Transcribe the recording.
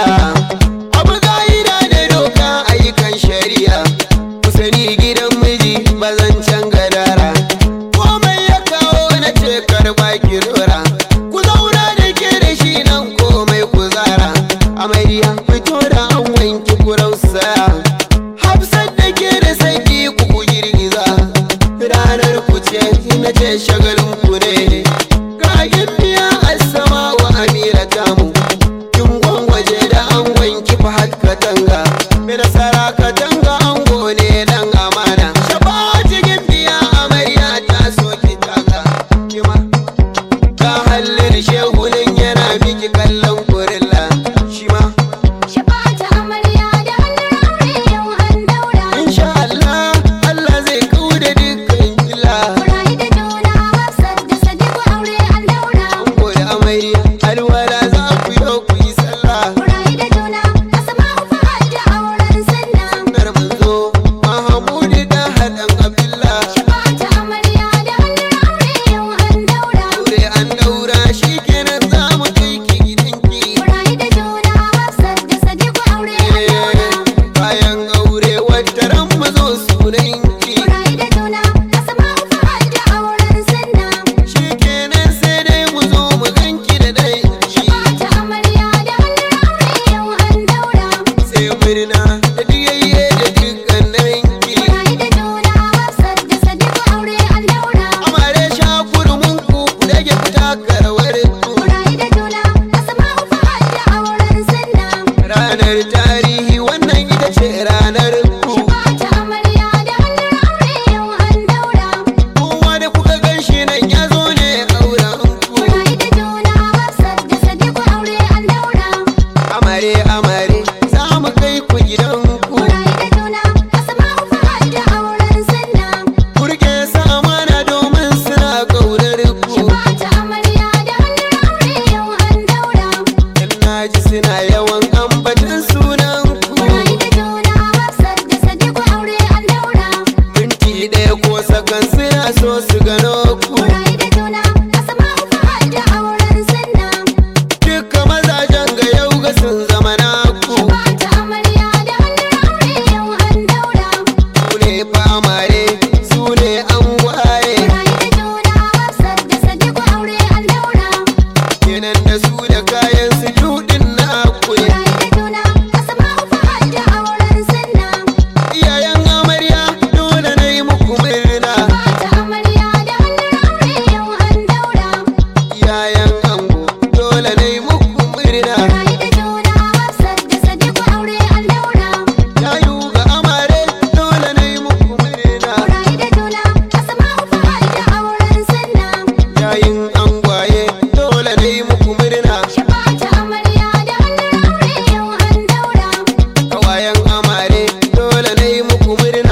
shari'a abu ka'ida da doka ayyukan shari'a ku sani gidan miji bazancan gadara komai ya kawo na ce karɓa kirora ku zauna da ke da shi nan komai ku zara amarya fito da an wanki ku rausaya hafsat da ke da sanki ku girgiza ranar ku ce na ce shagalin katanga mai nasara ka time. dole na yi muku murna